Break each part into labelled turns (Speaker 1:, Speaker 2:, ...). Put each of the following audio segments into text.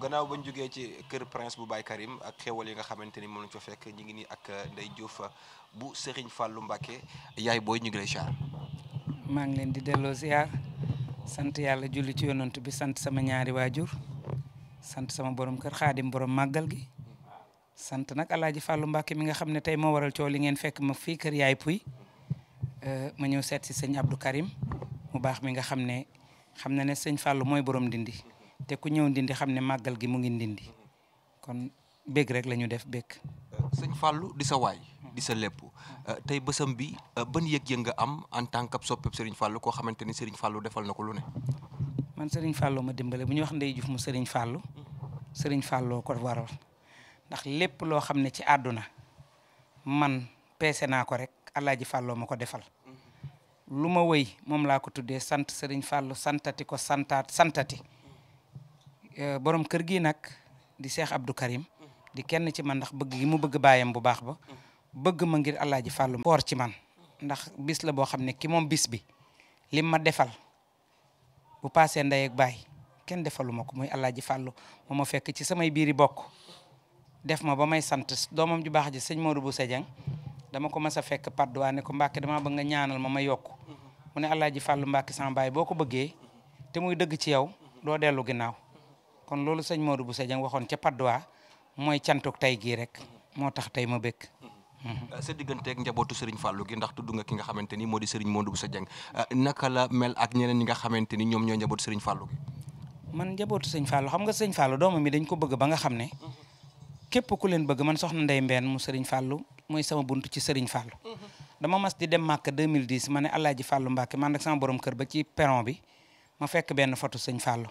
Speaker 1: gannaaw bañ jógee ci kër prince bu Baye Karim ak xéwal yi nga xamante ni moom lañ fa fekk ngi nii ak uh, Ndeye Diouf uh, bu Serigne Fallou mbake yaay booy ñu ngi lay
Speaker 2: maa ngi leen di delloo ziar sant yàlla julli ci yonant bi sant sama ñaari waajur sant sama borom kër xaadim borom màggal gi sant nag alaaji Fallou mbake mi nga xam ne tey moo waral coow li ngeen fekk ma fii kër yaay puy uh, ma ñëw seet si sëñ Abdou Karim mu baax mi nga xam ne xam na ne sëñ Fallou mooy borom dindi. te ku ñëw ndindi xam ne màggal gi mu ngi ndindi kon bég rek lañu def bég.
Speaker 1: sëñ Fallou di sa waay. di sa lépp euh, tey bësam bi euh, bën yëg-yëg nga am en tant que soppeeb sëriñ Fallou koo xamante ni Serigne Fallou defal na ko lu ne.
Speaker 2: man Serigne Fallou ma dimbale bu ñuy wax ndey Juuf mu Serigne Fallou. sëriñ Fallou ko waral ndax lépp loo xam ne ci àdduna man peese naa ko rek Alaaji Fallou ma ko defal. lu ma wëy moom laa ko tuddee sant Serigne Fallou santati ko santaat santati. Eh, borom kër gi nag di seex Abdou Karim di kenn ci man ndax bëgg gi mu bëgg baayam bu baax ba bëgg ma ngir El Hadj Fallou ci man ndax bis la boo xam ne ki moom bis bi lim ma defal bu paasee ndey ak baay kenn defalu ma ko muy El Hadj Fallou ma fekk ci samay biiri bokk def ma ba may sant doomam ju baax sëñ Modou Boussa Dieng dama ko mas a fekk padduwaa ne ko Mbacke damaa bëgg nga ñaanal ma ma yokk mhm. mu ne El Hadj Fallou Mbacke sama baay boo ko bëggee te muy dëgg ci yow doo dellu ginnaaw kon loolu sëñ Modou Bousso Dieng waxoon ca Padoa mooy cantuk tey gii rek moo tax tey ma bëgg.
Speaker 1: Mm-hmm. sa digganteeg njabootu Serigne Fallou gi ndax tudd ki nga xamante ni moo di Serigne Modou Bousso Dieng uh, naka la mel ak ñeneen nga xamante ni ñoom ñoo njabootu Serigne Fallou gi.
Speaker 2: man njabootu sëñ Fallou xam nga sëñ Fallou doomam mi dañ ko bëgg ba nga xam ne képp ku leen bëgg man soxna Ndeye Mbène mu Serigne Fallou mooy sama buntu ci Serigne Fallou. Mm-hmm. dama mas di dem Màkka 2010 ma ne Alaaji Fallou Mbacke man ak sama borom kër ba bi ma benn photo sëñ Fallou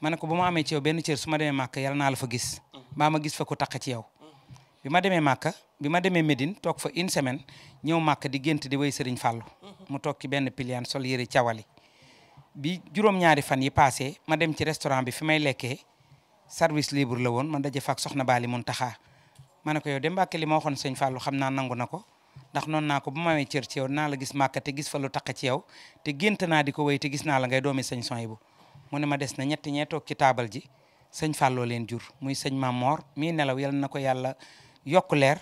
Speaker 2: ma ne ko bu ma amee ci yow benn cër su ma demee Màkka yàlla naa la fa gis mm-hmm. mbaa ma gis fa ko taq ci yow mm-hmm. bi ma demee Màkka bi ma demee Médine toog fa une semaine ñëw Màkka di gént di way Sëriñ Fàllu mm-hmm. mu toog ci benn pilian sol yëre cawali bi juróom-ñaari fan yi passé ma dem ci restaurant bi fi may lekkee service libre la woon man daje fa ak soxna Baali Muntaxa ma ne ko yow dem Mbàkke li ma waxoon Sëñ Fàllu xam naa nangu na ko ndax noonu naa ko bu ma amee cër ci la gis Màkka te gis fa lu taq ci yow te gént naa di ko way te gis naa la ngay doomi Sëñ Soyibu mu ne ma des na ñetti ñee toog ci taabal ji sëñ Fallou leen jur muy sëñ Mamor mi nelaw yal na ko yàlla yokk leer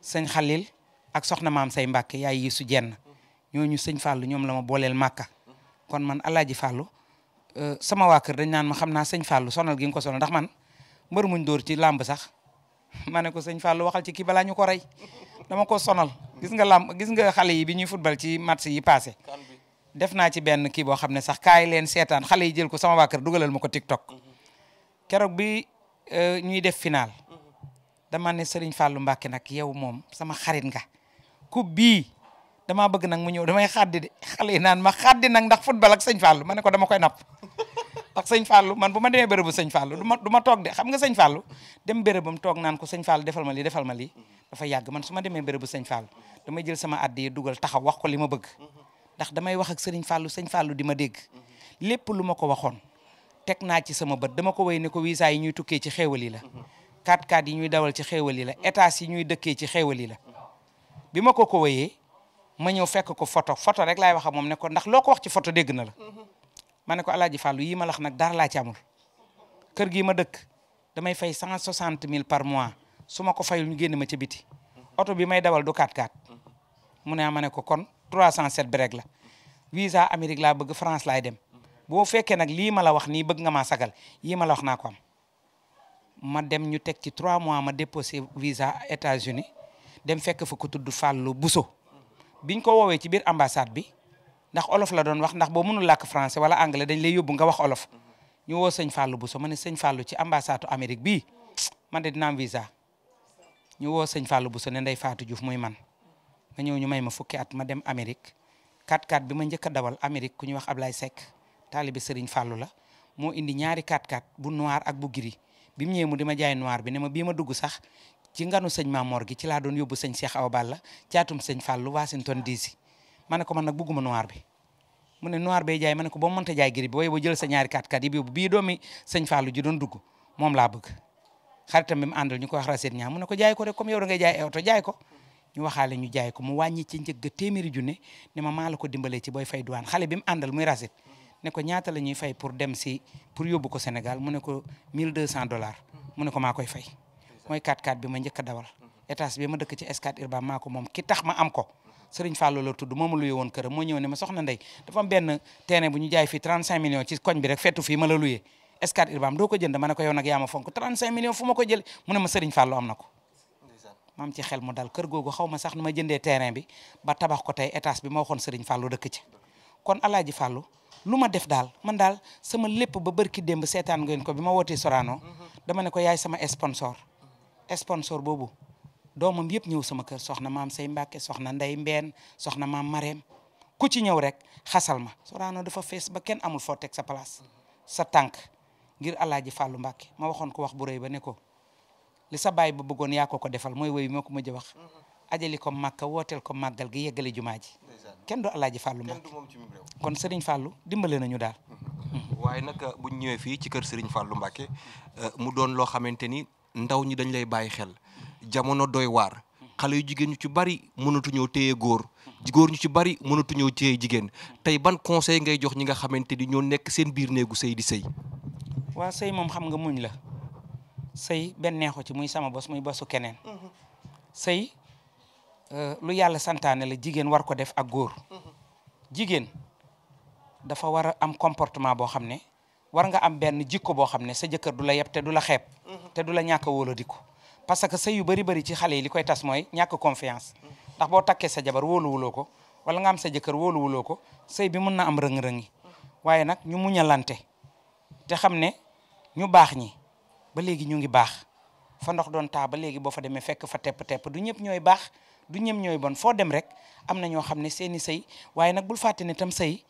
Speaker 2: sëñ Xalil ak soxna maam say Mbàkke yaay yi su jenn ñooñu sëñ Fallou ñoom la ma booleel Màkka kon man Alaaji Fallou euh, sama waa kër dañ naan ma xam naa sëñ Fallou sonal gi ko sonal ndax man mbër muñ door ci làmb sax ma ne ko sëñ Fallou waxal ci kii ñu ko rey dama ko sonal gis nga làmb gis nga yi bi ñuy football ci match yi passé def na ci benn kii boo xam ne sax kaay leen seetaan xale yi jël ko sama waa kër dugalal ma ko TikTok keroog bi euh, ñuy def final dama ne Serigne Fallou Mbacké nag yow moom sama xarit nga ku bii damaa bëgg nag mu ñëw damay xaddi de xale naan ma xaddi nag ndax football ak sëñ Fallou ma ne ko dama koy napp ndax sëñ Fallou man bu ma demee bërëbu sëñ Fallou du ma du ma toog de xam nga sëñ Fallou dem bu mu toog naan ko sëñ Fallou defal ma li defal ma li dafa yàgg man su ma demee bërëbu sëñ Fallou damay jël sama addi dugal taxaw wax ko li ma bëgg ndax damay wax ak sëriñ Fallou sëñ Fallou di ma dégg lépp lu ma ko waxoon teg naa ci sama bët dama ko wéy ne ko visa yi ñuy tukkee ci xéewal la 4 x yi ñuy dawal ci xéewal yi la états yi ñuy dëkkee ci xéewal yi la bi ma ko ko wéyee ma ñëw fekk ko photo foto rek laay wax ak moom ne ko ndax loo ko wax ci foto dégg na la ma ne ko alaaji Fallou yi ma lax nag dara laa ci amul kër gi ma dëkk damay fay cent soixante mille par mois su ma ko fayul ñu génn ma ca biti oto bi may dawal du 4 x cent bi rek la visa Amérique laa bëgg France lay dem boo fekkee nag lii ma la wax nii bëgg nga maa sagal yii la wax naa ko am ma dem ñu teg ci 3 mois ma déposé visa États-Unis dem fekk fa ku tudd Fallou Bousso biñ ko woowee ci biir ambassade bi ndax olof la doon wax ndax boo mënul làkk francais wala anglais dañ lay yóbbu nga wax olof ñu woo sëñ Fallou Bousso ma ne sëñ Fallou ci ambassade Amérique bii man de dina am visa ñu woo sëñ Fallou Bousso ne Ndeye Fatou Diouf muy man nga ñëw ñu may ma fukki at ma dem Amérique 4 x bi ma njëkk a dawal ku ñuy wax Ablaye Seck taalibe Serigne Fallou la moo indi ñaari 4 x bu noir ak bu gris bi mu mu di ma jaay noir bi ne ma bii ma dugg sax ci nganu sëñ Mamor gi ci laa doon yóbbu sëñ Cheikh Awa Balla caatum sëñ Fallou Washington DC ma ne ko man nag bugguma noir bi mu ne noir bay jaay ma ne ko boo mënta jaay gris bi waaye boo jël sa ñaari 4x4 yi boobu bii doomi sëñ ko ñu waxaale ñu jaay ko mu wàññi ci njëgg téeméeri junne ne ma maa la ko dimbalee ci booy fay douane xale bi mu muy rasit ne ko ñaata ñuy fay pour dem si pour yóbbu ko Sénégal mu ne ko 1200 dollars mu ne ko maa koy fay mooy 4 x bi ma njëkk a dawal étage bi ma dëkk ci Scat Urbam maa moom ki ma am ko Sëriñ Fallou la tudd mooma luyee woon këram moo ñëw ne ma soxna Ndey dafa am benn terrain bu ñu jaay fii 35 millions ci na ko ma am ci xel mu dal kër googu xaw ma sax nu ma jëndee terrain bi ba tabax ko tey étage bi ma waxoon Serigne Fallou dëkk ci kon alaaji Fallou lu ma def daal man daal sama lépp ba bërki démb seetaan ngeen ko bi ma wootee Sorano dama ne ko yaay sama sponsor sponsor boobu doomam yëpp ñëw sama kër soxna maam say Mbàkke soxna nday mbeen soxna maam Marème ku ci ñëw rek xasal ma Sorano dafa fees ba kenn amul foo teg sa place sa tànk ngir alaaji fàllu Mbàkke ma waxoon ko wax bu rëy ba ne ko li sa baay ba bëggoon yaa ko ko defal mooy woy moo ko mujj wax mm-hmm. ajali ko màkka wooteel ko màggal gi yeggale jumaa ji kenn du alaaji fàllu Mbàkke kon sëriñ fàllu dimbale nañu daal mm-hmm.
Speaker 1: waaye nag uh, bu ñu ñëwee fii ci kër sëriñ fàllu Mbàkke uh, mu doon loo xamante ni ndaw ñi dañ lay bàyyi xel jamono doy waar xale yu jigéen ñu ci bari mënatu mënatuñoo téye góor góor ñu ci bari mënatu mënatuñoo téye jigéen tey ban conseil ngay jox ñi nga xamante ni ñoo nekk seen biir néegu sëy di sëy
Speaker 2: moom xam nga muñ la sëy benn neexu ci muy sama bos muy bosu keneen mhm. say euh, lu yàlla santaane la jigéen war ko def ak góor mhm. jigéen dafa war a am comportement boo xam ne war nga am benn jikko boo xam ne sa jëkkër du la yeb te du la xeeb mhm. te du la ñàkk a wóoladiku parce que sëy yu bëri bëri ci xale yi li koy tas mooy ñàkk confiance ndax boo takkee sa jabar wóoluwuloo ko wala nga am sa jëkkër wóoluwuloo ko sëy bi mën na am rëng-rëng yi waaye nag ñu muñalante te xam ne ñu baax ñi ba léegi ñu ngi baax fa ndox doon taa ba léegi boo fa demee fekk fa tepp-tepp du ñëpp ñooy baax du ñëpp ñooy bon foo dem rek am na ñoo xam ne seeni sëy waaye nag bul fàtte tam sëy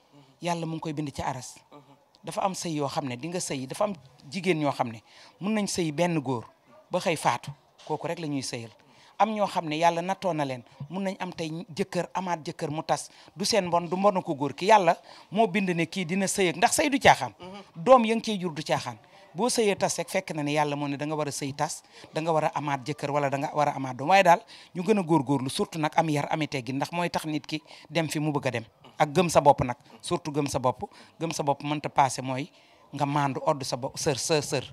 Speaker 2: yàlla mu ngi koy bind ci aras dafa am sëy yoo xam ne di nga sëy dafa am jigéen ñoo xam ne mun nañ sëy benn góor ba xëy faatu kooku rek la ñuy sëyal am ñoo xam ne yàlla nattoo na leen mun nañ am tey jëkkër amaat jëkkër mu tas du seen mbon du mbonu ko góor ki yàlla moo bind ne kii dina sëy ndax sëy du caaxaan mm-hmm. doom du caaxaan boo sëyee tas rek fekk na ne yàlla moo ne da nga war a sëy tas da nga war amaat jëkkër wala da nga war a amaat doom waaye daal ñu gën a góorgóorlu surtout nag am yar ami teggin ndax mooy tax nit ki dem fi mu bëgg dem ak gëm sa bopp nag surtout gëm sa bopp gëm sa bopp mënta passé mooy nga maandu odd sa bopp sër sër sër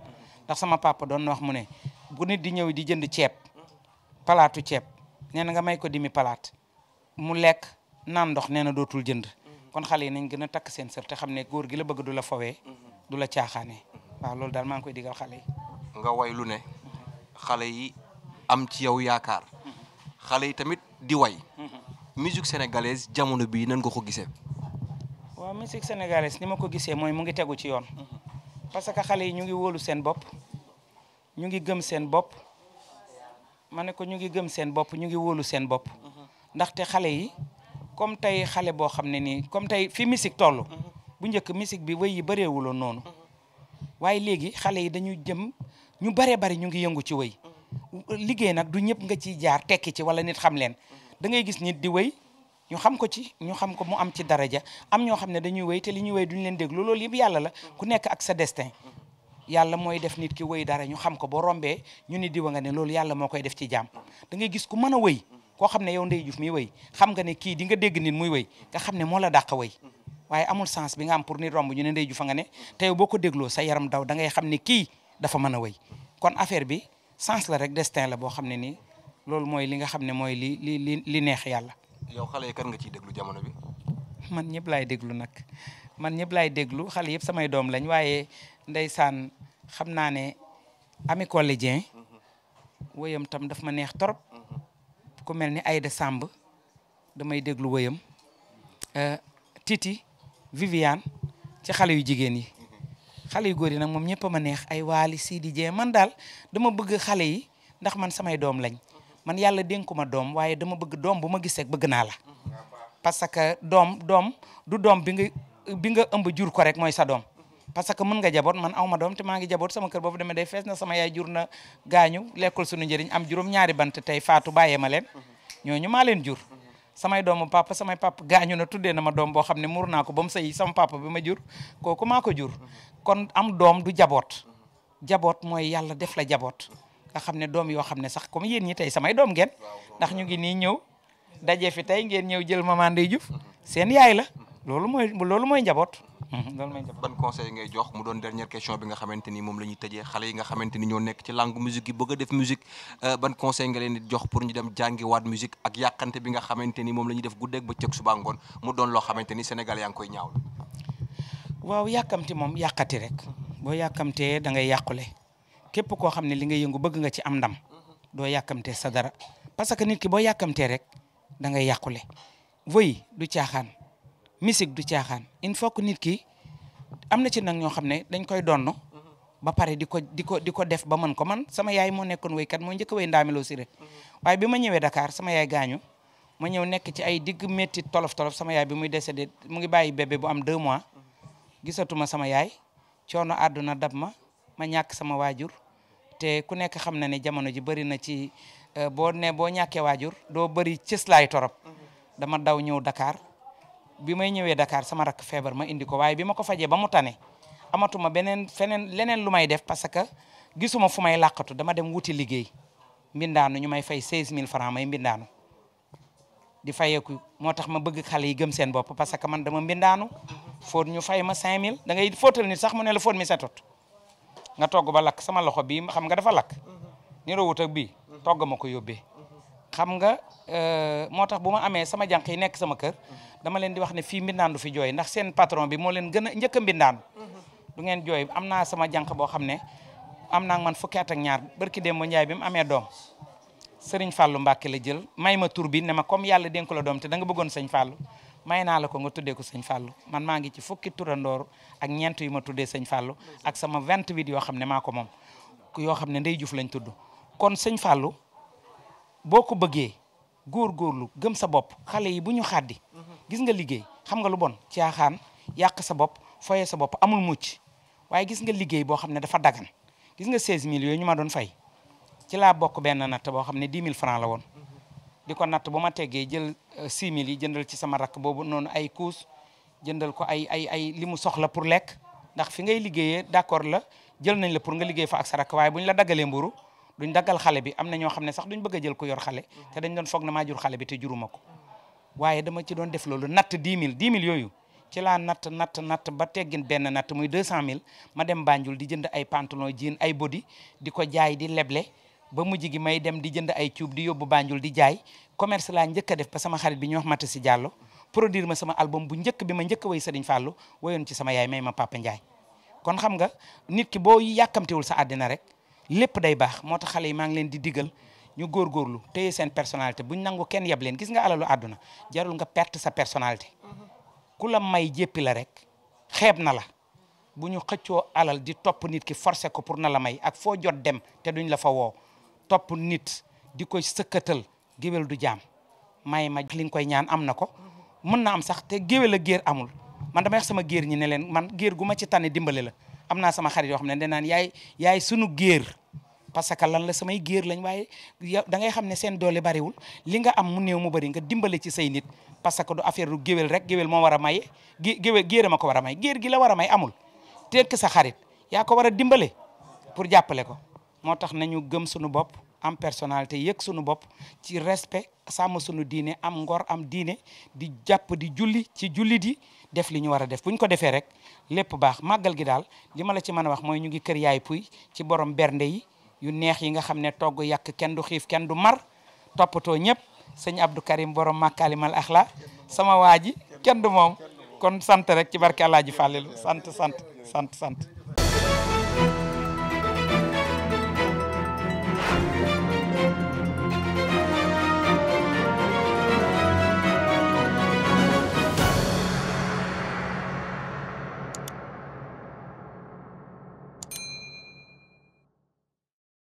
Speaker 2: ndax sama papa doon na wax mu ne bu nit di ñëw di jënd ceeb palaatu ceeb nee na nga may ko dimi palaat mu lekk naan ndox nee na dootul jënd mm-hmm. kon xale yi nañ gën a takk seen sër te xam ne góor gi la bëgg du la fowee mm-hmm. du la caaxaanee waa loolu daal maa ngi koy digal xale yi.
Speaker 1: nga way lu ne xale yi am ci yow yaakaar xale yi tamit di way. musique sénégalaise jamono bii nan nga ko gisee.
Speaker 2: waaw musique ni ma ko gisee mooy mu ngi tegu ci yoon. parce que xale yi ñu ngi wóolu seen bopp ñu ngi gëm seen bopp ma ne ñu ngi gëm seen bopp ñu ngi wóolu seen bopp ndaxte xale yi comme tey xale boo xam ne nii comme tey fi musique toll bu njëkk musique bi wéy yi bëreewuloon noonu. waaye léegi xale yi dañu jëm ñu bare bari ñu ngi yëngu ci way liggéey nag du ñëpp nga ciy jaar tekki ci wala nit xam leen dangay gis nit di wëy ñu xam ko ci ñu xam ko mu am ci daraja am ñoo xam ne dañuy wëy te li ñuy wëy duñu leen déglu loolu yëpp yàlla la ku nekk ak sa destin yàlla mooy def nit ki wëy dara ñu xam ko boo rombee ñu ni wa nga ne loolu yàlla moo koy def ci jaam da gis ku mën a wëy koo xam ne yow nday juuf mi wëy xam nga ne kii di nga dégg nit muy wëy nga xam ne moo la dàq wëy waaye amul sens bi nga am pour ni romb ñu ne ndey fa nga ne tey boo ko dégloo sa yaram daw da ngay xam ne kii dafa mën a way kon affaire bi sens la rek destin la boo xam ne nii loolu mooy li nga xam ne mooy li li li li neex yàlla.
Speaker 1: yow xale yi kan nga ciy déglu jamono bi.
Speaker 2: man ñëpp lay déglu nag man ñëpp laay déglu xale yëpp samay doom lañ waaye saan xam naa ne Ami Collé Dieng wëyam tam daf ma neex torop ku mel ni Aïda Samb damay déglu wëyam euh, Titi Viviane ci xale yu jigéen yi xale yu góor yi nag moom ñëpp ma neex ay waali Sidi Dieng man daal dama bëgg xale yi ndax man samay doom lañ man yàlla dénku ma doom waaye dama bëgg doom bu ma gisee bëgg naa la parce que doom doom du doom bi nga bi nga ëmb jur ko rek mooy sa doom parce que mën nga jaboot man aw ma doom te maa ngi jaboot sama kër boobu demee day fees na sama yaay jur na gaañu lekkul suñu njëriñ am juróom ñaari bant tey faatu bàyyee ma leen ñooñu maa leen jur samay doomu papa samay papa gaañu na tuddee na ma doom boo xam ne muur naa ko ba mu sëy sama papa bi ma jur kooku maa ko jur kon am doom du jaboot jaboot mooy yàlla def la jaboot nga xam ne doom yoo xam ne sax comme yéen ñi tey samay doom ngeen ndax ñu ngi nii ñëw daje fi tey ngeen ñëw jël ma Ndeye Diouf seen yaay la loolu mooy loolu mooy njaboot
Speaker 1: ban conseil ngay jox mu doon dernière question bi nga xamante ni moom la ñuy xale yi nga xamante ni ñoo nekk ci langue musique yi bëgg a def musique euh, ban conseil nga leen di jox pour ñu dem jàngiwaat musique ak yàqante bi nga xamante ni moom la ñuy def guddeeg bëccëg suba ngoon mu doon loo xamante ni Sénégal yaa koy ñaawlu.
Speaker 2: waaw yàkkamti moom yàqati rek boo yàkkamtee da ngay yàqule képp koo xam ne li nga yëngu bëgg nga ci am ndam doo yàkkamtee sa dara parce que nit ki boo yàkkamtee rek da ngay yàqule voy du caaxaan musique du caaxaan il faut que nit ki am na ci nag ñoo xam ne dañ koy donn ba pare di ko di ko di ko def ba man ko man sama yaay moo nekkoon wéykat moo njëkk a wéy ndaamiloo rek waaye bi ma ñëwee Dakar sama yaay gaañu ma ñëw nekk ci ay digg métti tolof tolof sama yaay bi muy décédé mu ngi bàyyi bébé bu am deux mois gisatuma sama yaay coono àdduna dab ma ma ñàkk sama waajur te ku nekk xam na ne jamono ji bëri na ci euh, boo ne boo ñàkkee waajur doo bëri cëslaay torop dama daw ñëw Dakar bi may ñëwee Dakar sama rakk feebar ma indi ko waaye bi ma ko fajee ba mu tane amatuma beneen feneen leneen lu may def parce que gisuma fu may làqatu dama dem wuti liggéey mbindaanu ñu may fay 16000 francs may mbindaanu di fayeeku moo tax ma bëgg xale yi gëm seen bopp parce que man dama mbindaanu fóot ñu fay ma 5000 da ngay fóotal nit sax mu ne la fóot mi setut nga togg ba lakk sama loxo bii xam nga dafa lakk niroo wut ak bii togg ma ko yóbbee xam nga euh, moo tax bu ma amee sama jànq yi nekk sama kër dama leen di wax ne fii mbindaan du fi jooy ndax seen patron bi moo leen gën a njëkk a mbindaan mm-hmm. du ngeen jooy am naa sama jànq boo xam ne am naa man fukki at ak ñaar barki Demba Njaay bi mu amee doom sëriñ Fàllu Mbàkke la jël may ma tur bi ne ma comme yàlla dénk la doom te da nga bëggoon sëñ Fàllu may naa la ko nga tuddee ko sëñ Fàllu man maa ngi ci fukki turandoor ak ñeent yu ma tuddee sëñ Fàllu ak sama vingt-huit yoo xam ne maa ko moom yoo xam ne nday juuf lañ tudd kon boo ko bëggee góorgóorlu gëm sa bopp xale yi bu ñu xàddi gis nga liggéey xam nga lu bon caaxaan yàq sa bopp foye sa bopp amul mucc waaye gis nga liggéey boo xam ne dafa dagan gis nga 16000 yooyu ñu ma doon fay ci laa bokk benn natt boo xam ne 10 mille francs la woon di ko natt bu ma teggee jël euh, mille yi jëndal ci sama rakk boobu noonu ay kuus jëndal ko ay ay ay li mu soxla pour lekk ndax fi ngay liggéeyee d'accord la jël nañ la pour nga liggéey fa ak sa rakk waaye bu ñu la daggalee mburu duñ daggal xale bi am na ñoo xam ne sax duñ bëgg jël ko yor xale te dañ doon foog na maa jur xale bi te juruma ko waaye dama ci doon def loolu natt 10 000 10 000 yooyu ci laa natt natt natt ba teggin benn natt muy cent 000 ma dem Banjul di jënd ay pantalon jean ay body di ko jaay di leble ba mu gi may dem di jënd ay cuub di yóbbu Banjul di jaay commerce laa njëkk def ba sama xarit bi ñu wax Mata si Diallo produire ma sama album bu njëkk bi ma njëkk a way Serigne Fallou ci sama yaay may ma Papa Ndiaye kon xam nga nit ki boo yàkkamtewul sa àddina rek lépp day baax moo tax xale yi maa ngi leen di diggal ñu góorgóorlu téye seen personnalité buñ nangu kenn yab leen gis nga alalu àdduna jarul nga perte sa personnalité ku la may jéppi la rek xeeb na la bu ñu xëccoo alal di topp nit ki forcé ko pour na la may ak foo jot dem te duñ la fa woo topp nit di koy sëkkatal géwél du jaam may ma li nga koy ñaan am na ko mën na am sax te géwél a géer amul man damay wax sama géer ñi ne leen man géer gu ma ci tane dimbale la am naa sama xarit yoo xam ne danaan yaay yaay sunu géer parce que lan la samay géer lañ waaye da ngay xam ne seen doole bariwul li nga am mu néew mu bëri nga dimbale ci say nit parce que du affaire géwél rek géwél moo war a maye géwél géer ma ko war a may géer gi la war a may amul tekk sa xarit yaa ko war a dimbale pour jàppale ko moo tax ñu gëm suñu bopp am personnalité yëg sunu bopp ci respect sàmm sunu diine am ngor am diine di jàpp di julli ci julli di def li ñu war a def bu ñu ko defee rek lépp baax màggal gi daal li ma la ci mën a wax mooy ñu ngi kër yaay puy ci borom bernde yi yu neex yi nga xam ne togg yàq kenn du xiif kenn du mar toppatoo ñëpp sëñ Abdou Karim borom màkkaalimal axla sama waa ji kenn du moom kon sant rek ci barke Alaaji Fàllilu sant sant sant sant